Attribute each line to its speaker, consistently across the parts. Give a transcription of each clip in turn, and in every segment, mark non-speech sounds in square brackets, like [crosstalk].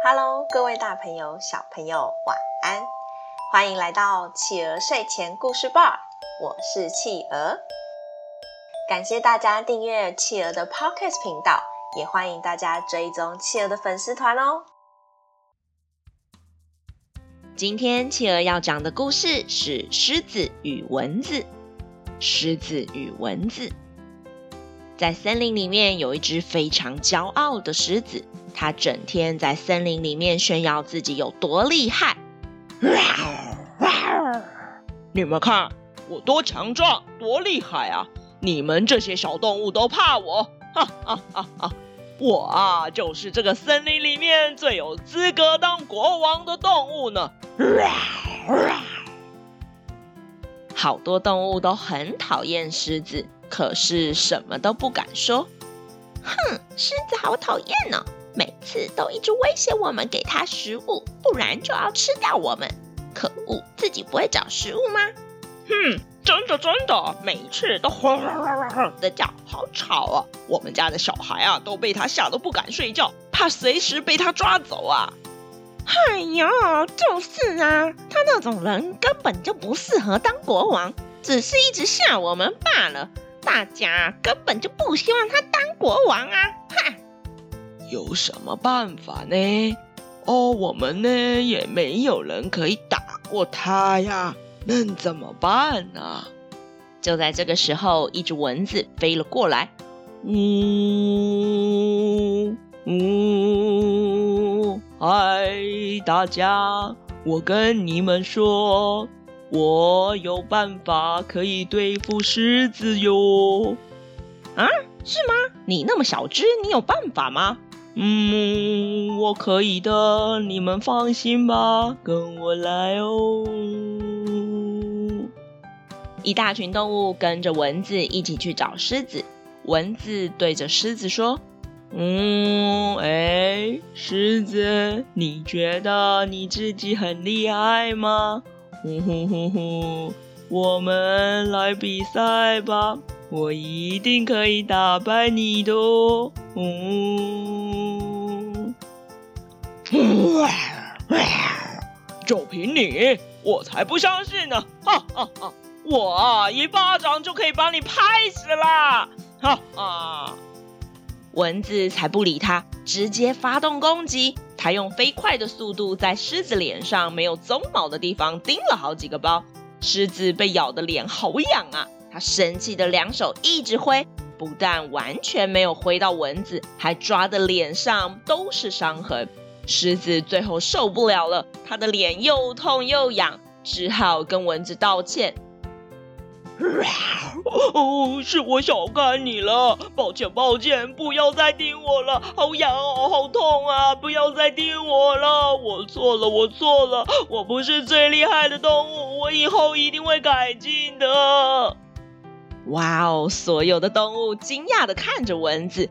Speaker 1: Hello，各位大朋友、小朋友，晚安！歡迎來到企鵝睡前故事吧，我是企鵝。感謝大家訂閱企鵝的 Podcast 頻道，也歡迎大家追蹤企鵝的粉絲團哦。今天企鵝要講的故事是獅子與蚊子《獅子與蚊子》。獅子與蚊子，在森林裡面有一隻非常驕傲的獅子。他整天在森林裡面炫耀自己有多厲害！你們看我多強壯、多厲害啊！你們這些小動物都怕我！哈哈哈哈哈！我啊，就是這個森林裡面最有資格當國王的動物呢！好多動物都很討厭獅子，可是什麼都不敢說。哼，獅子好討厭呢、哦！次都一直威脅我們給他食物，不然就要吃掉我們。可惡，自己不會找食物嗎？哼，真的真的，每次都汪汪汪汪的叫，好吵啊、哦！我們家的小孩啊都被他嚇得不敢睡覺，怕隨時被他抓走啊！哎呀，就是啊，他那種人根本就不適合當國王，只是一直嚇我們罷了。大家根本就不希望他當國王啊！哈。有什麼辦法呢？哦，我們呢也沒有人可以打過他呀，那怎麼辦呢？就在這個時候，一只蚊子飛了過來，嗚嗚，嗨，大家，我跟你們說，我有辦法可以對付獅子喲。啊，是嗎？你那麼小只，你有辦法嗎？嗯，我可以的，你們放心吧，跟我來哦。一大群動物跟着蚊子一起去找獅子。蚊子對着獅子說：“嗯，誒，獅子，你覺得你自己很厲害嗎？呼呼呼呼，我們來比賽吧，我一定可以打敗你的哦。”嗯。哇！ [laughs] 就憑你，我才不相信呢、啊！哈、啊、哈！我、啊啊、一巴掌就可以把你拍死了！哈、啊、哈、啊！蚊子才不理他，直接發動攻擊。它用飛快的速度在獅子臉上沒有鬃毛的地方叮了好幾個包。獅子被咬的臉好癢啊！它生氣的兩手一直揮，不但完全沒有揮到蚊子，還抓的臉上都是傷痕。獅子最後受不了了，他的臉又痛又癢，只好跟蚊子道歉、 [laughs] 哦：“是我小看你了，抱歉，抱歉，不要再叮我了，好癢哦，好痛啊，不要再叮我了，我錯了，我錯了，我不是最厲害的動物，我以後一定會改進的。”哇哦！所有的動物驚訝的看着蚊子，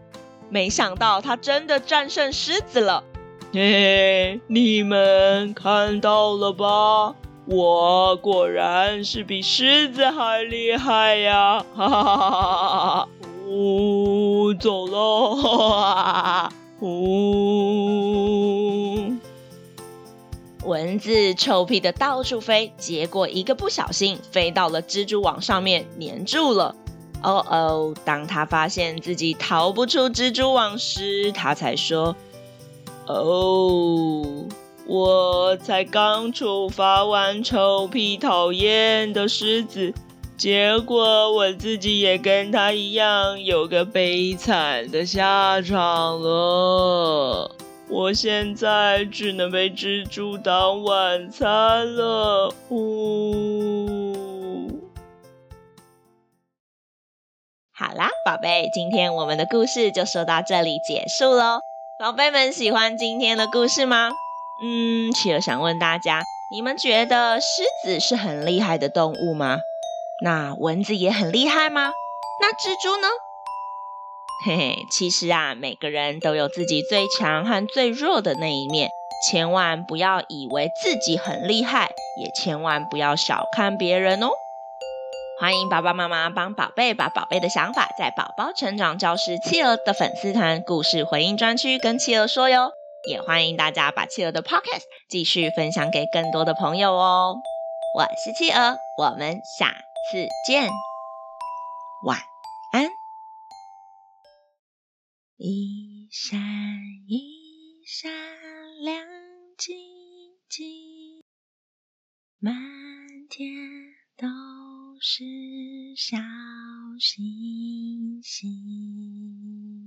Speaker 1: 沒想到它真的戰勝獅子了。嘿嘿，你們看到了吧？我果然是比獅子還厲害呀！哈哈哈哈哈哈哈，嗚，走嘍！哈，嗚，蚊子臭屁的到處飛，結果一個不小心飛到了蜘蛛網上面，粘住了。哦哦，當他發現自己逃不出蜘蛛網時，他才說。哦、oh，我才剛處罰完臭屁討厭的獅子，結果我自己也跟他一樣有個悲慘的下場了。我現在只能被蜘蛛當晚餐了。嗚、嗯。好啦，寶貝，今天我們的故事就說到這裡結束嘍。寶貝們喜歡今天的故事嗎？嗯，企鵝想問大家，你們覺得獅子是很厲害的動物嗎？那蚊子也很厲害嗎？那蜘蛛呢？嘿嘿，其實啊，每個人都有自己最強和最弱的那一面，千萬不要以為自己很厲害，也千萬不要小看別人哦。歡迎爸爸媽媽幫寶貝把寶貝的想法在寶寶成長教室企鵝的粉絲團故事回應專區跟企鵝說喲。也歡迎大家把企鵝的 Podcast 繼續分享給更多的朋友哦。我是企鵝，我們下次見。晚安。一閃一閃亮晶晶，滿天都是小星星。